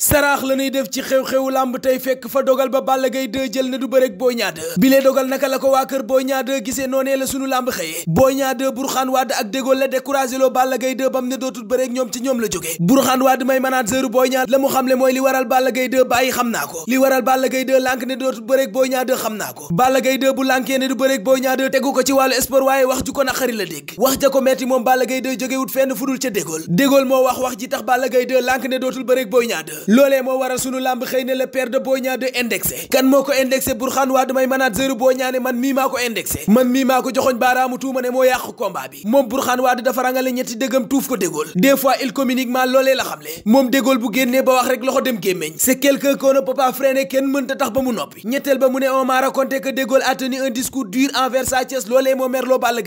saraax la ñuy def ci xew-xewu làmb tey fekk fa dogal ba Balla Gaye 2 jël na du bërek Boy Niang 2 bile dogal naka la ko waa kër Boy Niang 2 gisee noonee la sunu làmb xëyee Boy Niang 2 Burxaan Wade ak Dégol la découragé loo Balla Gaye 2 bam ne dootul bërek ñoom ci ñoom la jógee Burxaan Wade may manageru Boy Niang la mu xamle mooy li waral Balla Gaye 2 bàyyi xam naa ko li waral Balla Gaye lànk ne dootul bërek Boy Niang xam naa ko Balla Gaye 2 bu lànkee ne du bërek Boy Niang 2 ko ci wàllu sport waaye wax ju ko naqari la dégg wax ja ko metti moom Balla Gaye 2 jógewut fenn fudul ca Dégol Dégol moo wax wax ji tax Balla Gaye 2 ne dootul bërek Boy Niang loolee moo waral sunu lamb xëy na la per de Boy Niang de indexé kan moo ko indexé Bourkhane Wade may manager Boy Niang ne man mii maa ko indexé man mii maa ko joxoñ baaraamu tuuma ne moo yàq combat bi moom Bourkhane Wade dafa rangale ñetti dëggam tuuf ko dégool des fois il communiquement loolee la xamle moom dégool bu génnee ba wax rek loxo dem gémmeñ c'est quelqu'un qu'on ne kenn mënta tax ba mu noppi ñetteel ba mu ne on m'a raconté que dégool a tenu un discours dur envers Sa Thiès loolee moo merloo dara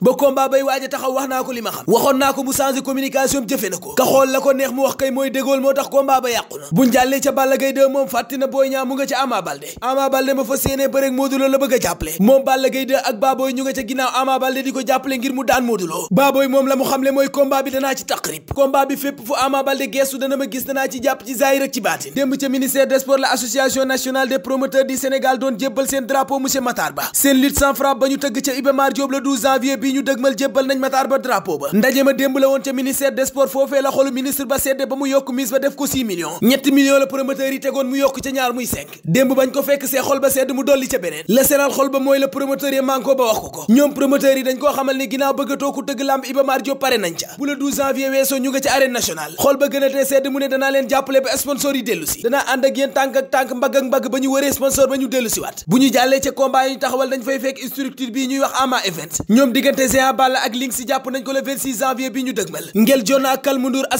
ba combat bay waaja taxaw wax naa ko li ma waxoon naa ko mu changé communication na ko kon neex mu wax kay mooy dégool moo tax combat ba yàqu na buñ ca Balla Gaye moom fàtti na Boy Niang mu nga ca Ama Baldé ma fa séenee bëreeg Modou la bëgg jàppale moom Balla Gaye ak Baboy ñu nga ca ginnaaw Ama di ko jàppale ngir mu daan Modou Lo moom la mu xamle mooy combat bi danaa ci taqrib combat bi fépp fu Ama geesu dana ma gis danaa ci jàpp ci zaahir ak ci baatin démb ca ministère des la association nationale ministre ba sedde ba mu yokk mise ba def ko 6 millions ñetti la promoteur yi tegoon mu yokk ca ñaar muy 5 démb bañ ko fekk see xol ba sedd mu dolli ca beneen la séral xol ba mooy la promoteur yi manko ba wax ko ko ñoom promoteur yi dañ koo xamal ne ginnaaw bëggatoo ko tëgg làmb Iba Mar pare nañ ca bu le janvier weesoo ñu nga ca arène nationale xol ba gën sedd mu ne danaa leen jàppale ba sponsor yi dellu si danaa ànd ak yéen tànk ak tànk mbagg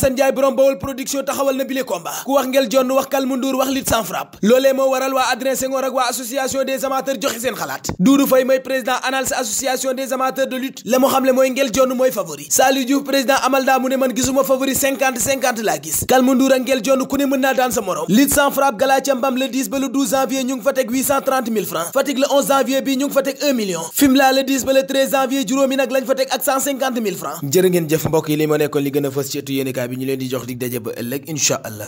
ak Ndiaye borom Bawol production taxawal na bile combat ku wax ngel jonn wax Kalmu wax lit sans frappe loolee moo waral waa Adrien Senghor ak waa association des amateurs joxe seen xalaat Doudou Faye mooy président ANALS association des amateurs de lutte la mu xamle mooy ngel jonn mooy favori Saliou Diouf président Amalda mu ne man gisuma favori 50 50 laa gis Kalmu ne mën naa daan sa morom lit sans frappe gala ca Mbam le 10 leen di jox dig daje ba ëllëg incha allah.